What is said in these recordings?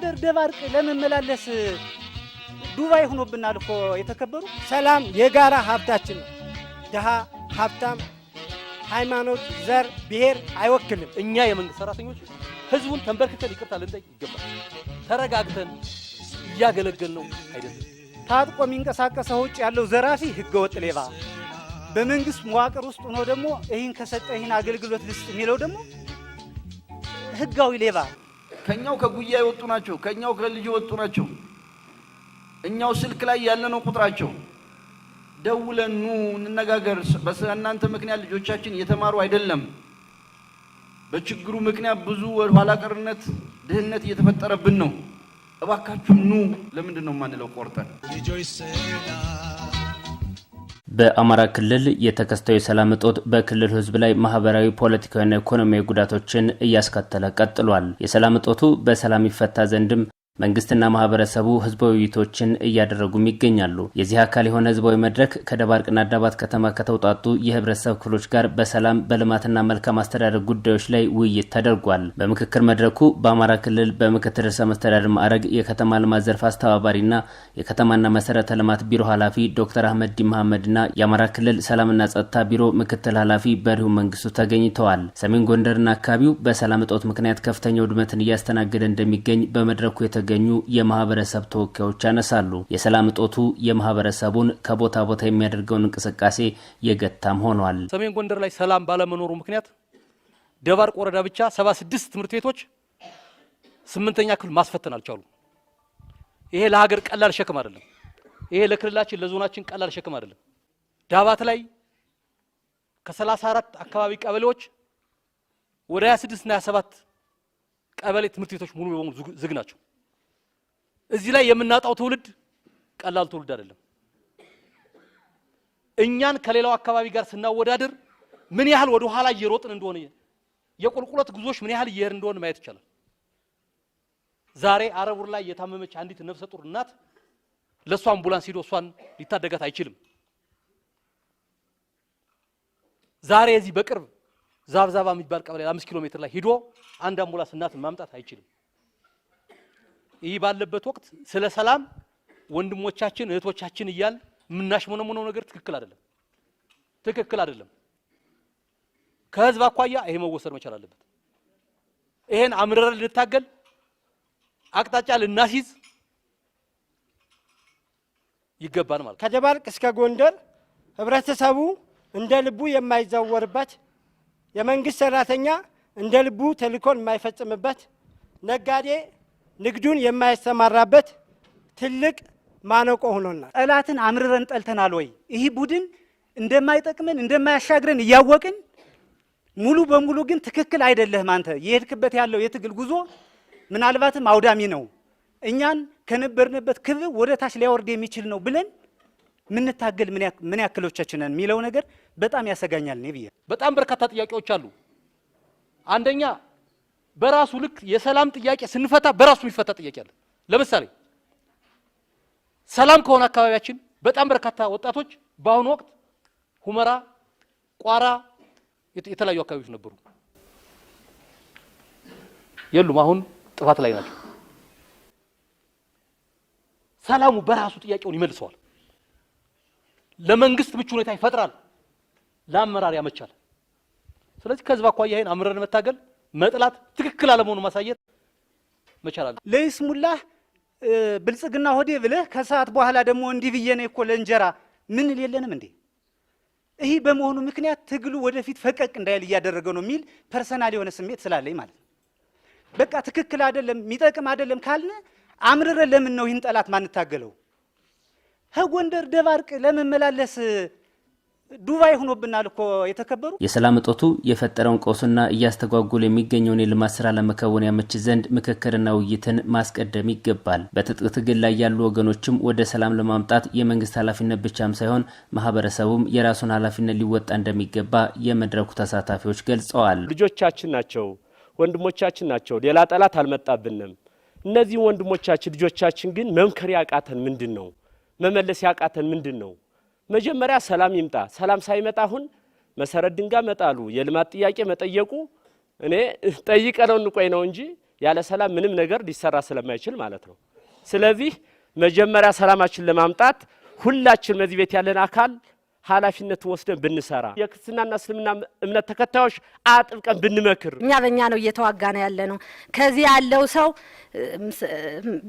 ጎንደር ደባርቅ ለመመላለስ ዱባይ ሆኖብናል እኮ የተከበሩ። ሰላም የጋራ ሀብታችን ነው። ድሃ ሀብታም፣ ሃይማኖት፣ ዘር፣ ብሔር አይወክልም። እኛ የመንግስት ሰራተኞች ህዝቡን ተንበርክከን ይቅርታ ልንጠይቅ ይገባል። ተረጋግተን እያገለገል ነው አይደለም። ታጥቆ የሚንቀሳቀሰው ውጭ ያለው ዘራፊ ህገወጥ ሌባ በመንግስት መዋቅር ውስጥ ሆኖ ደግሞ ይህን ከሰጠ ይህን አገልግሎት ልስጥ የሚለው ደግሞ ህጋዊ ሌባ ከኛው ከጉያ የወጡ ናቸው። ከኛው ከልጅ የወጡ ናቸው። እኛው ስልክ ላይ ያለ ነው ቁጥራቸው። ደውለን ኑ እንነጋገር። በእናንተ ምክንያት ልጆቻችን እየተማሩ አይደለም። በችግሩ ምክንያት ብዙ ኋላ ቀርነት፣ ድህነት እየተፈጠረብን ነው። እባካችሁ ኑ። ለምንድን ነው የማንለው ቆርጠን በአማራ ክልል የተከስተው የሰላም እጦት በክልል ሕዝብ ላይ ማህበራዊ፣ ፖለቲካዊና ኢኮኖሚያዊ ጉዳቶችን እያስከተለ ቀጥሏል። የሰላም እጦቱ በሰላም ይፈታ ዘንድም መንግስትና ማህበረሰቡ ህዝባዊ ውይይቶችን እያደረጉም ይገኛሉ። የዚህ አካል የሆነ ህዝባዊ መድረክ ከደባርቅና አዳባት ከተማ ከተውጣጡ የህብረተሰብ ክፍሎች ጋር በሰላም በልማትና መልካም አስተዳደር ጉዳዮች ላይ ውይይት ተደርጓል። በምክክር መድረኩ በአማራ ክልል በምክትል ርዕሰ መስተዳድር ማዕረግ የከተማ ልማት ዘርፍ አስተባባሪና የከተማና መሰረተ ልማት ቢሮ ኃላፊ ዶክተር አህመድ ዲ መሐመድና የአማራ ክልል ሰላምና ጸጥታ ቢሮ ምክትል ኃላፊ በሪሁ መንግስቱ ተገኝተዋል። ሰሜን ጎንደርና አካባቢው በሰላም እጦት ምክንያት ከፍተኛ ውድመትን እያስተናገደ እንደሚገኝ በመድረኩ የተገ የተገኙ የማህበረሰብ ተወካዮች ያነሳሉ። የሰላም እጦቱ የማህበረሰቡን ከቦታ ቦታ የሚያደርገውን እንቅስቃሴ የገታም ሆኗል። ሰሜን ጎንደር ላይ ሰላም ባለመኖሩ ምክንያት ደባርቅ ወረዳ ብቻ 76 ትምህርት ቤቶች ስምንተኛ ክፍል ማስፈተን አልቻሉ። ይሄ ለሀገር ቀላል ሸክም አይደለም። ይሄ ለክልላችን ለዞናችን ቀላል ሸክም አይደለም። ዳባት ላይ ከ34 አካባቢ ቀበሌዎች ወደ 26 እና 27 ቀበሌ ትምህርት ቤቶች ሙሉ በሙሉ ዝግ ናቸው። እዚህ ላይ የምናጣው ትውልድ ቀላል ትውልድ አይደለም። እኛን ከሌላው አካባቢ ጋር ስናወዳድር ምን ያህል ወደ ኋላ እየሮጥን እንደሆነ የቁልቁለት ጉዞዎች ምን ያህል እየሄድን እንደሆነ ማየት ይቻላል። ዛሬ አረቡር ላይ የታመመች አንዲት ነፍሰ ጡር እናት ለእሷ አምቡላንስ ሂዶ እሷን ሊታደጋት አይችልም። ዛሬ እዚህ በቅርብ ዛብዛባ የሚባል ቀበሌ አምስት ኪሎ ሜትር ላይ ሂዶ አንድ አምቡላንስ እናትን ማምጣት አይችልም። ይህ ባለበት ወቅት ስለ ሰላም ወንድሞቻችን እህቶቻችን እያል የምናሽሞነሙነው ነገር ትክክል አይደለም፣ ትክክል አይደለም። ከህዝብ አኳያ ይሄ መወሰድ መቻል አለበት። ይሄን አምርረን ልንታገል አቅጣጫ ልናስይዝ ይገባል ማለት ከደባርቅ እስከ ጎንደር ህብረተሰቡ እንደ ልቡ የማይዘወርበት የመንግስት ሰራተኛ እንደ ልቡ ተልእኮን የማይፈጽምበት ነጋዴ ንግዱን የማይሰማራበት ትልቅ ማነቆ ሆኖናል። ጠላትን አምርረን ጠልተናል ወይ? ይህ ቡድን እንደማይጠቅመን እንደማያሻግረን እያወቅን ሙሉ በሙሉ ግን ትክክል አይደለህም አንተ የሄድክበት ያለው የትግል ጉዞ ምናልባትም አውዳሚ ነው፣ እኛን ከነበርንበት ክብ ወደ ታች ሊያወርድ የሚችል ነው ብለን ምንታገል ምን ያክሎቻችን ነን የሚለው ነገር በጣም ያሰጋኛል። እኔ ብዬ በጣም በርካታ ጥያቄዎች አሉ። አንደኛ በራሱ ልክ የሰላም ጥያቄ ስንፈታ በራሱ የሚፈታ ጥያቄ አለ። ለምሳሌ ሰላም ከሆነ አካባቢያችን በጣም በርካታ ወጣቶች በአሁኑ ወቅት ሁመራ፣ ቋራ፣ የተለያዩ አካባቢዎች ነበሩ የሉም። አሁን ጥፋት ላይ ናቸው። ሰላሙ በራሱ ጥያቄውን ይመልሰዋል። ለመንግስት ምቹ ሁኔታ ይፈጥራል። ለአመራር ያመቻል። ስለዚህ ከህዝብ አኳያ ይህን አምረን መታገል መጥላት ትክክል አለመሆኑ ማሳየት መቻላል። ለይስሙላህ ብልጽግና ሆዴ ብለህ ከሰዓት በኋላ ደግሞ እንዲህ ብዬ ነው እኮ ለእንጀራ ምን የለንም እንዴ? ይህ በመሆኑ ምክንያት ትግሉ ወደፊት ፈቀቅ እንዳይል እያደረገ ነው የሚል ፐርሰናል የሆነ ስሜት ስላለኝ ማለት ነው። በቃ ትክክል አይደለም የሚጠቅም አይደለም ካልን አምርረ ለምን ነው ይህን ጠላት ማንታገለው? ከጎንደር ደባርቅ ለመመላለስ ዱባይ ሆኖብናል እኮ የተከበሩ። የሰላም እጦቱ የፈጠረውን ቀውስና እያስተጓጉል የሚገኘውን የልማት ስራ ለመከወን ያመች ዘንድ ምክክርና ውይይትን ማስቀደም ይገባል። በትጥቅ ትግል ላይ ያሉ ወገኖችም ወደ ሰላም ለማምጣት የመንግስት ኃላፊነት ብቻም ሳይሆን ማህበረሰቡም የራሱን ኃላፊነት ሊወጣ እንደሚገባ የመድረኩ ተሳታፊዎች ገልጸዋል። ልጆቻችን ናቸው፣ ወንድሞቻችን ናቸው። ሌላ ጠላት አልመጣብንም። እነዚህ ወንድሞቻችን ልጆቻችን ግን መምከር ያቃተን ምንድን ነው? መመለስ ያቃተን ምንድን ነው? መጀመሪያ ሰላም ይምጣ። ሰላም ሳይመጣ አሁን መሰረት ድንጋይ መጣሉ የልማት ጥያቄ መጠየቁ እኔ ጠይቀነው እንቆይ ነው እንጂ ያለ ሰላም ምንም ነገር ሊሰራ ስለማይችል ማለት ነው። ስለዚህ መጀመሪያ ሰላማችን ለማምጣት ሁላችን በዚህ ቤት ያለን አካል ኃላፊነት ወስደን ብንሰራ የክርስትናና እስልምና እምነት ተከታዮች አጥብቀን ብንመክር እኛ በእኛ ነው እየተዋጋ ነው ያለ ነው። ከዚህ ያለው ሰው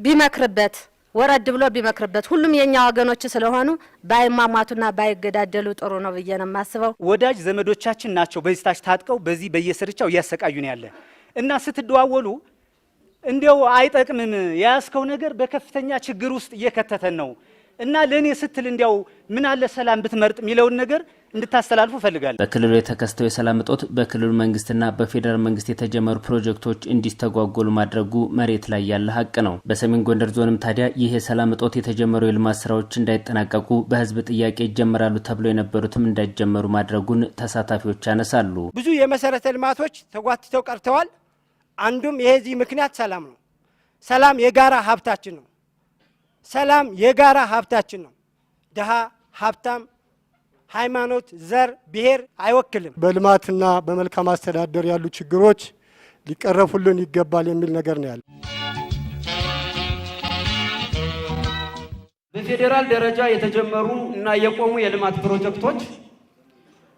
ቢመክርበት ወረድ ብሎ ቢመክርበት ሁሉም የኛ ወገኖች ስለሆኑ ባይማማቱና ባይገዳደሉ ጥሩ ነው ብዬ ነው የማስበው። ወዳጅ ዘመዶቻችን ናቸው በዚህ ታች ታጥቀው በዚህ በየስርቻው እያሰቃዩን ያለ እና ስትደዋወሉ እንዲያው አይጠቅምም የያዝከው ነገር በከፍተኛ ችግር ውስጥ እየከተተን ነው እና ለእኔ ስትል እንዲያው ምን አለ ሰላም ብትመርጥ የሚለውን ነገር እንድታስተላልፉ እፈልጋለሁ። በክልሉ የተከስተው የሰላም እጦት በክልሉ መንግስትና በፌዴራል መንግስት የተጀመሩ ፕሮጀክቶች እንዲስተጓጎሉ ማድረጉ መሬት ላይ ያለ ሀቅ ነው። በሰሜን ጎንደር ዞንም ታዲያ ይህ የሰላም እጦት የተጀመሩ የልማት ስራዎች እንዳይጠናቀቁ በህዝብ ጥያቄ ይጀመራሉ ተብሎ የነበሩትም እንዳይጀመሩ ማድረጉን ተሳታፊዎች ያነሳሉ። ብዙ የመሰረተ ልማቶች ተጓትተው ቀርተዋል። አንዱም የዚህ ምክንያት ሰላም ነው። ሰላም የጋራ ሀብታችን ነው። ሰላም የጋራ ሀብታችን ነው። ድሃ ሀብታም ሃይማኖት፣ ዘር፣ ብሔር አይወክልም። በልማትና በመልካም አስተዳደር ያሉ ችግሮች ሊቀረፉልን ይገባል የሚል ነገር ነው ያለ። በፌዴራል ደረጃ የተጀመሩ እና የቆሙ የልማት ፕሮጀክቶች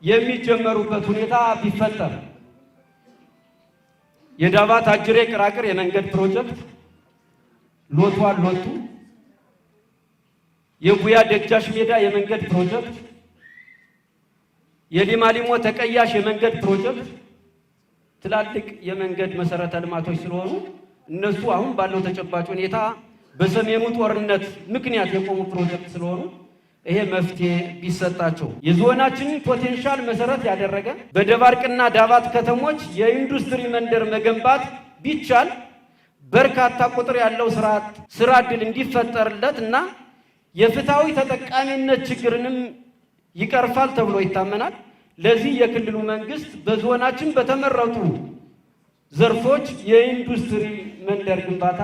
የሚጀመሩበት ሁኔታ ቢፈጠር የዳባ አጅሬ ቅራቅር የመንገድ ፕሮጀክት ሎቷ ሎቱ የጉያ ደጃሽ ሜዳ የመንገድ ፕሮጀክት የሊማሊሞ ተቀያሽ የመንገድ ፕሮጀክት ትላልቅ የመንገድ መሰረተ ልማቶች ስለሆኑ እነሱ አሁን ባለው ተጨባጭ ሁኔታ በሰሜኑ ጦርነት ምክንያት የቆሙ ፕሮጀክት ስለሆኑ ይሄ መፍትሄ ቢሰጣቸው የዞናችንን ፖቴንሻል መሰረት ያደረገ በደባርቅና ዳባት ከተሞች የኢንዱስትሪ መንደር መገንባት ቢቻል በርካታ ቁጥር ያለው ስራ እድል እንዲፈጠርለት እና የፍትሐዊ ተጠቃሚነት ችግርንም ይቀርፋል ተብሎ ይታመናል። ለዚህ የክልሉ መንግስት በዞናችን በተመረጡ ዘርፎች የኢንዱስትሪ መንደር ግንባታ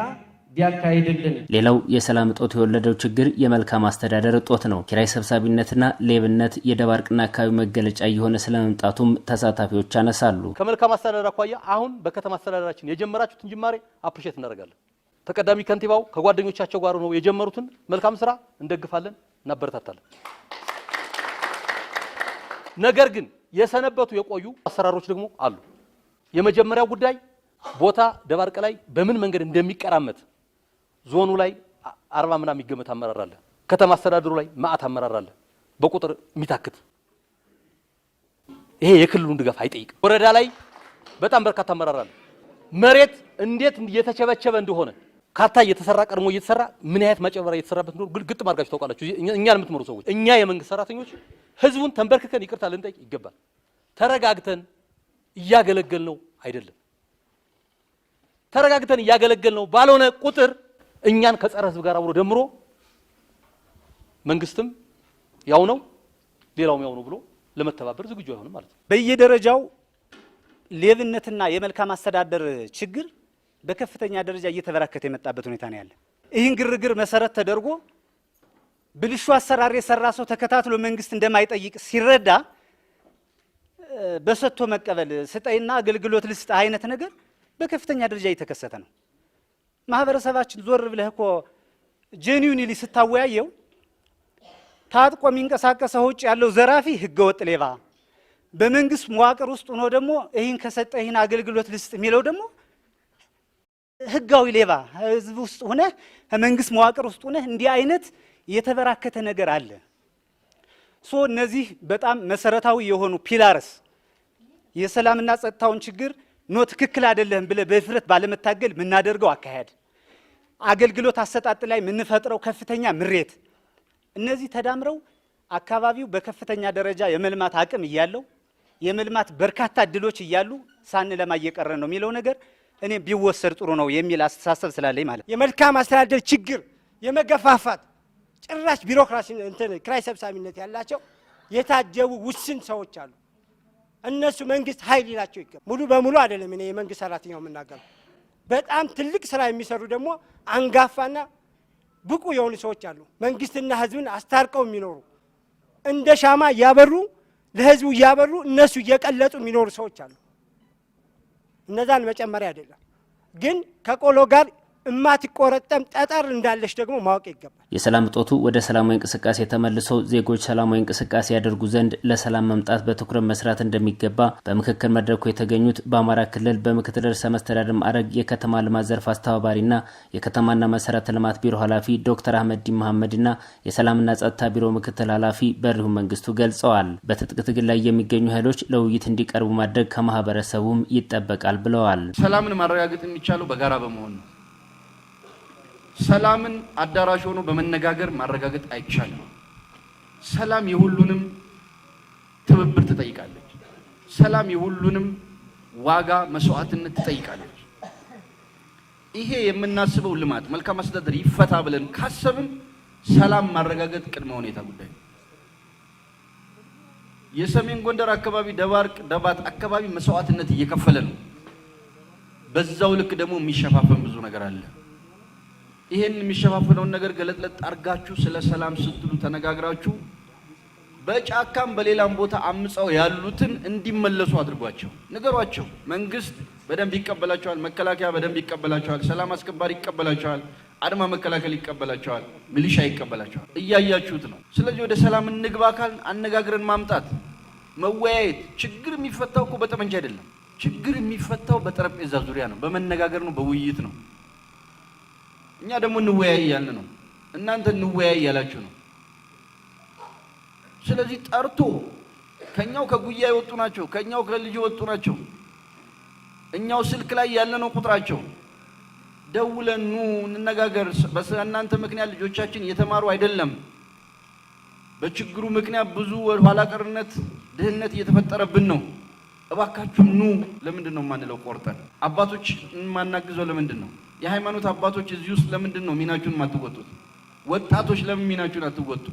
ቢያካሂድልን። ሌላው የሰላም እጦት የወለደው ችግር የመልካም አስተዳደር እጦት ነው። ኪራይ ሰብሳቢነትና ሌብነት የደባርቅና አካባቢ መገለጫ እየሆነ ስለመምጣቱም ተሳታፊዎች ያነሳሉ። ከመልካም አስተዳደር አኳያ አሁን በከተማ አስተዳደራችን የጀመራችሁትን ጅማሬ አፕሪሼት እናደርጋለን። ተቀዳሚ ከንቲባው ከጓደኞቻቸው ጋር ነው የጀመሩትን መልካም ስራ እንደግፋለን፣ እናበረታታለን። ነገር ግን የሰነበቱ የቆዩ አሰራሮች ደግሞ አሉ። የመጀመሪያው ጉዳይ ቦታ ደባርቅ ላይ በምን መንገድ እንደሚቀራመት ዞኑ ላይ አርባ ምናምን የሚገመት አመራር አለ። ከተማ አስተዳደሩ ላይ ማአት አመራር አለ፣ በቁጥር የሚታክት ይሄ የክልሉን ድጋፍ አይጠይቅም። ወረዳ ላይ በጣም በርካታ አመራር አለ። መሬት እንዴት እየተቸበቸበ እንደሆነ ካርታ እየተሰራ ቀድሞ እየተሰራ ምን አይነት ማጭበርበር እየተሰራበት እንደሆነ ግልግጥ ማድረጋችሁ ታውቃላችሁ። እኛ ለምትመሩ ሰዎች፣ እኛ የመንግስት ሰራተኞች ህዝቡን ተንበርክከን ይቅርታ ልንጠይቅ ይገባል። ተረጋግተን እያገለገል ነው አይደለም። ተረጋግተን እያገለገል ነው ባልሆነ ቁጥር እኛን ከጸረ ህዝብ ጋር አብሮ ደምሮ መንግስትም ያው ነው ሌላውም ያው ነው ብሎ ለመተባበር ዝግጁ አይሆንም ማለት ነው። በየደረጃው ሌብነትና የመልካም አስተዳደር ችግር በከፍተኛ ደረጃ እየተበራከተ የመጣበት ሁኔታ ነው ያለ። ይህን ግርግር መሰረት ተደርጎ ብልሹ አሰራር የሰራ ሰው ተከታትሎ መንግስት እንደማይጠይቅ ሲረዳ በሰጥቶ መቀበል ስጠይና አገልግሎት ልስጥ አይነት ነገር በከፍተኛ ደረጃ እየተከሰተ ነው። ማህበረሰባችን ዞር ብለህ እኮ ጄኒዩኒሊ ስታወያየው ታጥቆ የሚንቀሳቀሰው ውጭ ያለው ዘራፊ ህገወጥ ሌባ፣ በመንግስት መዋቅር ውስጥ ሆኖ ደግሞ ይህን ከሰጠ ይህን አገልግሎት ልስጥ የሚለው ደግሞ ህጋዊ ሌባ ህዝብ ውስጥ ሆነ መንግስት መዋቅር ውስጥ ሆነ እንዲህ አይነት የተበራከተ ነገር አለ። ሶ እነዚህ በጣም መሰረታዊ የሆኑ ፒላርስ የሰላምና ጸጥታውን ችግር ኖ ትክክል አይደለም ብለ በፍረት ባለመታገል የምናደርገው አካሄድ፣ አገልግሎት አሰጣጥ ላይ የምንፈጥረው ከፍተኛ ምሬት፣ እነዚህ ተዳምረው አካባቢው በከፍተኛ ደረጃ የመልማት አቅም እያለው የመልማት በርካታ እድሎች እያሉ ሳንለማ እየቀረ ነው የሚለው ነገር እኔ ቢወሰድ ጥሩ ነው የሚል አስተሳሰብ ስላለኝ ማለት የመልካም አስተዳደር ችግር የመገፋፋት ጭራሽ ቢሮክራሲ እንትን ክራይ ሰብሳቢነት ያላቸው የታጀቡ ውስን ሰዎች አሉ። እነሱ መንግስት ኃይል ይላቸው ይገባል። ሙሉ በሙሉ አይደለም እኔ የመንግስት ሰራተኛው የምናገረው። በጣም ትልቅ ስራ የሚሰሩ ደግሞ አንጋፋና ብቁ የሆኑ ሰዎች አሉ። መንግስትና ህዝብን አስታርቀው የሚኖሩ እንደ ሻማ እያበሩ ለህዝቡ እያበሩ እነሱ እየቀለጡ የሚኖሩ ሰዎች አሉ። እነዛን መጨመሪያ አይደለም ግን ከቆሎ ጋር እማትቆረጠም ጠጠር እንዳለች ደግሞ ማወቅ ይገባል። የሰላም እጦቱ ወደ ሰላማዊ እንቅስቃሴ ተመልሶ ዜጎች ሰላማዊ እንቅስቃሴ ያደርጉ ዘንድ ለሰላም መምጣት በትኩረት መስራት እንደሚገባ በምክክር መድረኩ የተገኙት በአማራ ክልል በምክትል ርዕሰ መስተዳድር ማዕረግ የከተማ ልማት ዘርፍ አስተባባሪና የከተማና መሰረተ ልማት ቢሮ ኃላፊ ዶክተር መሐመድ መሐመድና የሰላምና ጸጥታ ቢሮ ምክትል ኃላፊ በሪሁ መንግስቱ ገልጸዋል። በትጥቅ ትግል ላይ የሚገኙ ኃይሎች ለውይይት እንዲቀርቡ ማድረግ ከማህበረሰቡም ይጠበቃል ብለዋል። ሰላምን ማረጋገጥ የሚቻለው በጋራ በመሆን ነው ሰላምን አዳራሽ ሆኖ በመነጋገር ማረጋገጥ አይቻልም። ሰላም የሁሉንም ትብብር ትጠይቃለች። ሰላም የሁሉንም ዋጋ መስዋዕትነት ትጠይቃለች። ይሄ የምናስበው ልማት፣ መልካም አስተዳደር ይፈታ ብለን ካሰብን ሰላም ማረጋገጥ ቅድመ ሁኔታ ጉዳይ ነው። የሰሜን ጎንደር አካባቢ ደባርቅ፣ ደባት አካባቢ መስዋዕትነት እየከፈለ ነው። በዛው ልክ ደግሞ የሚሸፋፈን ብዙ ነገር አለ። ይህን የሚሸፋፈነውን ነገር ገለጥለጥ አድርጋችሁ ስለ ሰላም ስትሉ ተነጋግራችሁ በጫካም በሌላም ቦታ አምፀው ያሉትን እንዲመለሱ አድርጓቸው፣ ንገሯቸው። መንግስት በደንብ ይቀበላቸዋል። መከላከያ በደንብ ይቀበላቸዋል። ሰላም አስከባሪ ይቀበላቸዋል። አድማ መከላከል ይቀበላቸዋል። ሚሊሻ ይቀበላቸዋል። እያያችሁት ነው። ስለዚህ ወደ ሰላም እንግባ ካል አነጋግረን ማምጣት መወያየት። ችግር የሚፈታው እኮ በጠመንጃ አይደለም። ችግር የሚፈታው በጠረጴዛ ዙሪያ ነው፣ በመነጋገር ነው፣ በውይይት ነው። እኛ ደግሞ እንወያይ እያልን ነው። እናንተ እንወያይ እያላችሁ ነው። ስለዚህ ጠርቶ ከኛው ከጉያ የወጡ ናቸው፣ ከኛው ከልጅ የወጡ ናቸው። እኛው ስልክ ላይ ያለ ነው ቁጥራቸው። ደውለን ኑ እንነጋገር። በእናንተ ምክንያት ልጆቻችን እየተማሩ አይደለም። በችግሩ ምክንያት ብዙ ኋላ ቀርነት፣ ድህነት እየተፈጠረብን ነው። እባካችሁ ኑ። ለምንድን ነው የማንለው? ቆርጠን አባቶች የማናግዘው ለምንድን ነው? የሃይማኖት አባቶች እዚህ ውስጥ ለምንድን ነው ሚናችሁን የማትወጡት? ወጣቶች ለምን ሚናችሁን አትወጡ?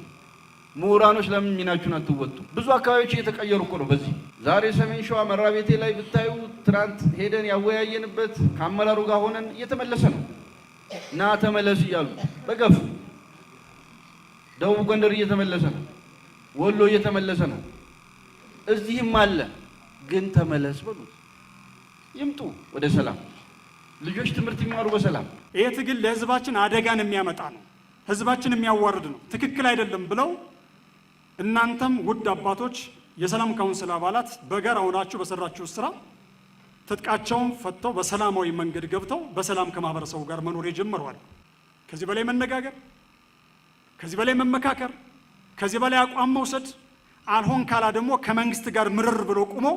ምሁራኖች ለምን ሚናችሁን አትወጡ? ብዙ አካባቢዎች እየተቀየሩ እኮ ነው። በዚህ ዛሬ ሰሜን ሸዋ መራቤቴ ላይ ብታዩ ትናንት ሄደን ያወያየንበት ከአመራሩ ጋር ሆነን እየተመለሰ ነው። ና ተመለስ እያሉ በገፍ ደቡብ ጎንደር እየተመለሰ ነው። ወሎ እየተመለሰ ነው። እዚህም አለ ግን ተመለስ በሉት። ይምጡ ወደ ሰላም ልጆች ትምህርት ይማሩ በሰላም። ይሄ ትግል ለህዝባችን አደጋን የሚያመጣ ነው፣ ህዝባችን የሚያዋርድ ነው፣ ትክክል አይደለም ብለው እናንተም ውድ አባቶች የሰላም ካውንስል አባላት በጋራ ሆናችሁ በሰራችሁ ስራ ትጥቃቸውን ፈተው በሰላማዊ መንገድ ገብተው በሰላም ከማህበረሰቡ ጋር መኖር ጀምረዋል። ከዚህ በላይ መነጋገር፣ ከዚህ በላይ መመካከር፣ ከዚህ በላይ አቋም መውሰድ አልሆን ካላ ደግሞ ከመንግስት ጋር ምርር ብሎ ቁመው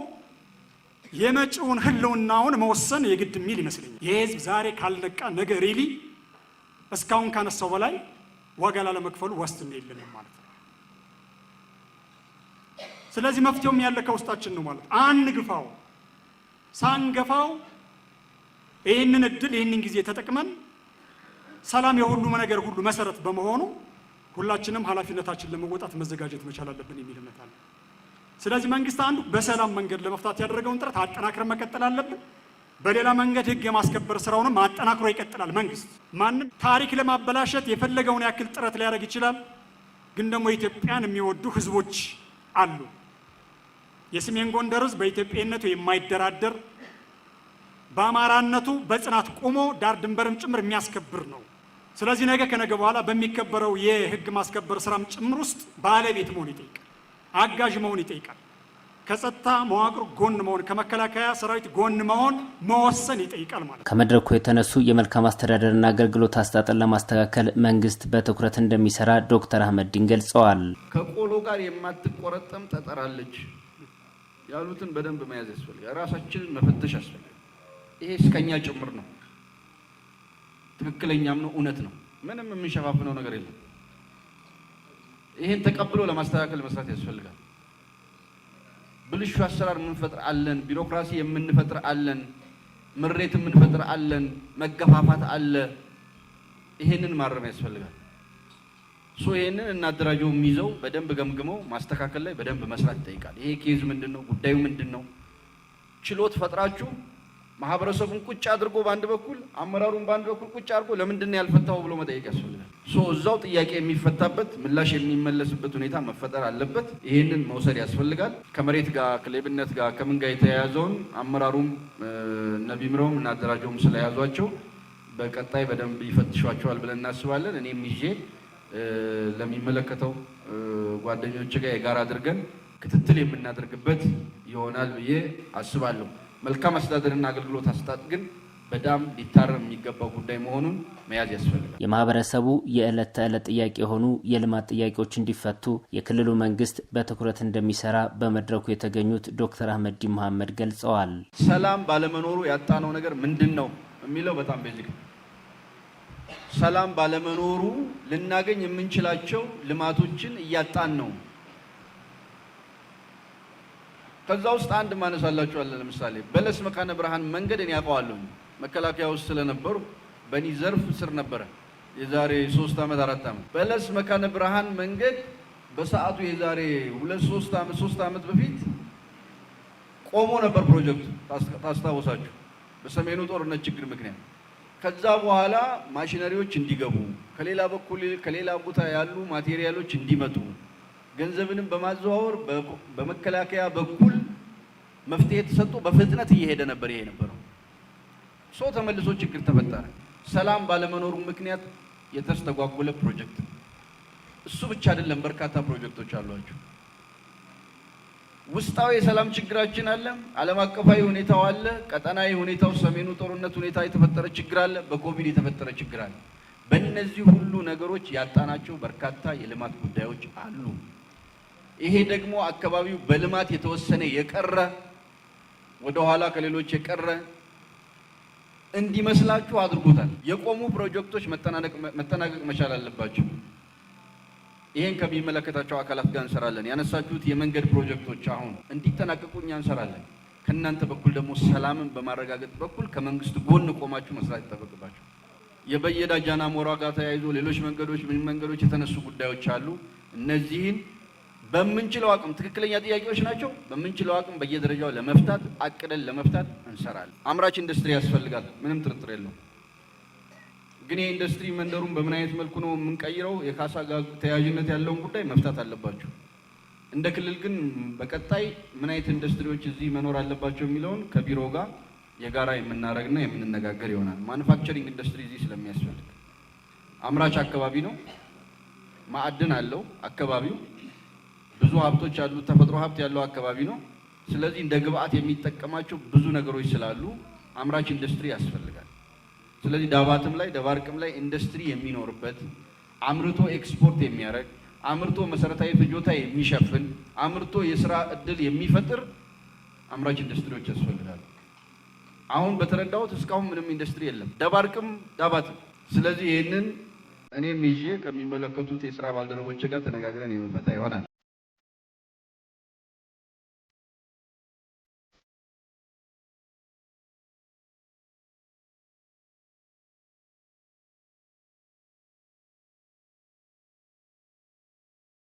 የመጪውን ህልውናውን መወሰን የግድ የሚል ይመስለኛል። የህዝብ ዛሬ ካልነቃ ነገ ሪሊ እስካሁን ካነሳው በላይ ዋጋ ላለመክፈሉ ዋስትና የለንም ማለት ነው። ስለዚህ መፍትሄውም ያለ ከውስጣችን ነው ማለት አንግፋው፣ ሳንገፋው ይህንን እድል ይህንን ጊዜ ተጠቅመን ሰላም የሁሉም ነገር ሁሉ መሰረት በመሆኑ ሁላችንም ኃላፊነታችን ለመወጣት መዘጋጀት መቻል አለብን የሚል እምነት አለ። ስለዚህ መንግስት አንዱ በሰላም መንገድ ለመፍታት ያደረገውን ጥረት አጠናክረ መቀጠል አለብን። በሌላ መንገድ ህግ የማስከበር ስራውንም አጠናክሮ ይቀጥላል። መንግስት ማንም ታሪክ ለማበላሸት የፈለገውን ያክል ጥረት ሊያደርግ ይችላል። ግን ደግሞ ኢትዮጵያን የሚወዱ ህዝቦች አሉ። የሰሜን ጎንደር ህዝብ በኢትዮጵያነቱ የማይደራደር በአማራነቱ በጽናት ቆሞ ዳር ድንበርም ጭምር የሚያስከብር ነው። ስለዚህ ነገ ከነገ በኋላ በሚከበረው የህግ ማስከበር ስራም ጭምር ውስጥ ባለቤት መሆን ይጠይቃል። አጋዥ መሆን ይጠይቃል። ከጸጥታ መዋቅር ጎን መሆን ከመከላከያ ሰራዊት ጎን መሆን መወሰን ይጠይቃል ማለት ከመድረኩ የተነሱ የመልካም አስተዳደርና አገልግሎት አሰጣጥን ለማስተካከል መንግስት በትኩረት እንደሚሰራ ዶክተር አህመድ አህመዲን ገልጸዋል። ከቆሎ ጋር የማትቆረጠም ጠጠራለች ያሉትን በደንብ መያዝ ያስፈልጋል። ራሳችንን መፈተሽ ያስፈልጋል። ይሄ እስከኛ ጭምር ነው። ትክክለኛም ነው፣ እውነት ነው። ምንም የምንሸፋፍነው ነገር የለም። ይሄን ተቀብሎ ለማስተካከል መስራት ያስፈልጋል። ብልሹ አሰራር የምንፈጥር አለን፣ ቢሮክራሲ የምንፈጥር አለን፣ ምሬት የምንፈጥር አለን፣ መገፋፋት አለ። ይሄንን ማረም ያስፈልጋል። ሶ ይሄንን እናደራጀው የሚይዘው በደንብ ገምግመው ማስተካከል ላይ በደንብ መስራት ይጠይቃል። ይሄ ኬዝ ምንድን ነው? ጉዳዩ ምንድን ነው? ችሎት ፈጥራችሁ ማህበረሰቡን ቁጭ አድርጎ በአንድ በኩል አመራሩን በአንድ በኩል ቁጭ አድርጎ ለምንድን ነው ያልፈታው ብሎ መጠየቅ ያስፈልጋል። ሶ እዛው ጥያቄ የሚፈታበት ምላሽ የሚመለስበት ሁኔታ መፈጠር አለበት። ይህንን መውሰድ ያስፈልጋል። ከመሬት ጋር ከሌብነት ጋር ከምን ጋር የተያያዘውን አመራሩም ነቢምረውም ቢምረውም እና አደራጀውም ስለያዟቸው በቀጣይ በደንብ ይፈትሿቸዋል ብለን እናስባለን። እኔም ይዤ ለሚመለከተው ጓደኞች ጋር የጋራ አድርገን ክትትል የምናደርግበት ይሆናል ብዬ አስባለሁ። መልካም አስተዳደርና አገልግሎት አሰጣጥ ግን በጣም ሊታረም የሚገባው ጉዳይ መሆኑን መያዝ ያስፈልጋል። የማህበረሰቡ የዕለት ተዕለት ጥያቄ የሆኑ የልማት ጥያቄዎች እንዲፈቱ የክልሉ መንግስት በትኩረት እንደሚሰራ በመድረኩ የተገኙት ዶክተር አህመድ ዲን መሐመድ ገልጸዋል። ሰላም ባለመኖሩ ያጣነው ነገር ምንድን ነው የሚለው በጣም ቤዚክ ነው። ሰላም ባለመኖሩ ልናገኝ የምንችላቸው ልማቶችን እያጣን ነው። ከዛ ውስጥ አንድ ማነሳላችኋለሁ። ለምሳሌ በለስ መካነ ብርሃን መንገድ እኔ ያውቀዋለሁ። መከላከያ ውስጥ ስለነበሩ በእኔ ዘርፍ ስር ነበረ። የዛሬ ሶስት ዓመት አራት ዓመት በለስ መካነ ብርሃን መንገድ በሰዓቱ የዛሬ ሁለት ሶስት ዓመት ሶስት ዓመት በፊት ቆሞ ነበር ፕሮጀክቱ ታስታውሳችሁ፣ በሰሜኑ ጦርነት ችግር ምክንያት። ከዛ በኋላ ማሽነሪዎች እንዲገቡ ከሌላ በኩል ከሌላ ቦታ ያሉ ማቴሪያሎች እንዲመጡ ገንዘብንም በማዘዋወር በመከላከያ በኩል መፍትሄ ተሰጥቶ በፍጥነት እየሄደ ነበር። ይሄ ነበረው ሶ ተመልሶ ችግር ተፈጠረ። ሰላም ባለመኖሩ ምክንያት የተስተጓጎለ ፕሮጀክት እሱ ብቻ አይደለም፣ በርካታ ፕሮጀክቶች አሏቸው። ውስጣዊ የሰላም ችግራችን አለ፣ ዓለም አቀፋዊ ሁኔታው አለ፣ ቀጠናዊ ሁኔታው ሰሜኑ ጦርነት ሁኔታ የተፈጠረ ችግር አለ፣ በኮቪድ የተፈጠረ ችግር አለ። በእነዚህ ሁሉ ነገሮች ያጣናቸው በርካታ የልማት ጉዳዮች አሉ። ይሄ ደግሞ አካባቢው በልማት የተወሰነ የቀረ ወደ ኋላ ከሌሎች የቀረ እንዲመስላችሁ አድርጎታል። የቆሙ ፕሮጀክቶች መጠናቀቅ መቻል አለባቸው። ይህን ከሚመለከታቸው አካላት ጋር እንሰራለን። ያነሳችሁት የመንገድ ፕሮጀክቶች አሁን እንዲጠናቀቁ እኛ እንሰራለን። ከእናንተ በኩል ደግሞ ሰላምን በማረጋገጥ በኩል ከመንግስት ጎን ቆማችሁ መስራት ይጠበቅባቸው። የበየዳ ጃና ሞራ ጋር ተያይዞ ሌሎች መንገዶች ምን መንገዶች የተነሱ ጉዳዮች አሉ። እነዚህን በምንችለው አቅም ትክክለኛ ጥያቄዎች ናቸው። በምንችለው አቅም በየደረጃው ለመፍታት አቅደን ለመፍታት እንሰራለን። አምራች ኢንዱስትሪ ያስፈልጋል፣ ምንም ጥርጥር የለው። ግን የኢንዱስትሪ መንደሩን በምን አይነት መልኩ ነው የምንቀይረው? የካሳ ጋር ተያያዥነት ያለውን ጉዳይ መፍታት አለባቸው። እንደ ክልል ግን በቀጣይ ምን አይነት ኢንዱስትሪዎች እዚህ መኖር አለባቸው የሚለውን ከቢሮ ጋር የጋራ የምናደርግና የምንነጋገር ይሆናል። ማኑፋክቸሪንግ ኢንዱስትሪ እዚህ ስለሚያስፈልግ አምራች አካባቢ ነው፣ ማዕድን አለው አካባቢው ብዙ ሀብቶች ያሉት ተፈጥሮ ሀብት ያለው አካባቢ ነው። ስለዚህ እንደ ግብአት የሚጠቀማቸው ብዙ ነገሮች ስላሉ አምራች ኢንዱስትሪ ያስፈልጋል። ስለዚህ ዳባትም ላይ ደባርቅም ላይ ኢንዱስትሪ የሚኖርበት አምርቶ ኤክስፖርት የሚያደርግ አምርቶ መሰረታዊ ፍጆታ የሚሸፍን አምርቶ የስራ እድል የሚፈጥር አምራች ኢንዱስትሪዎች ያስፈልጋሉ። አሁን በተረዳሁት እስካሁን ምንም ኢንዱስትሪ የለም፣ ደባርቅም ዳባትም። ስለዚህ ይህንን እኔም ይዤ ከሚመለከቱት የስራ ባልደረቦች ጋር ተነጋግረን የምንፈታ ይሆናል።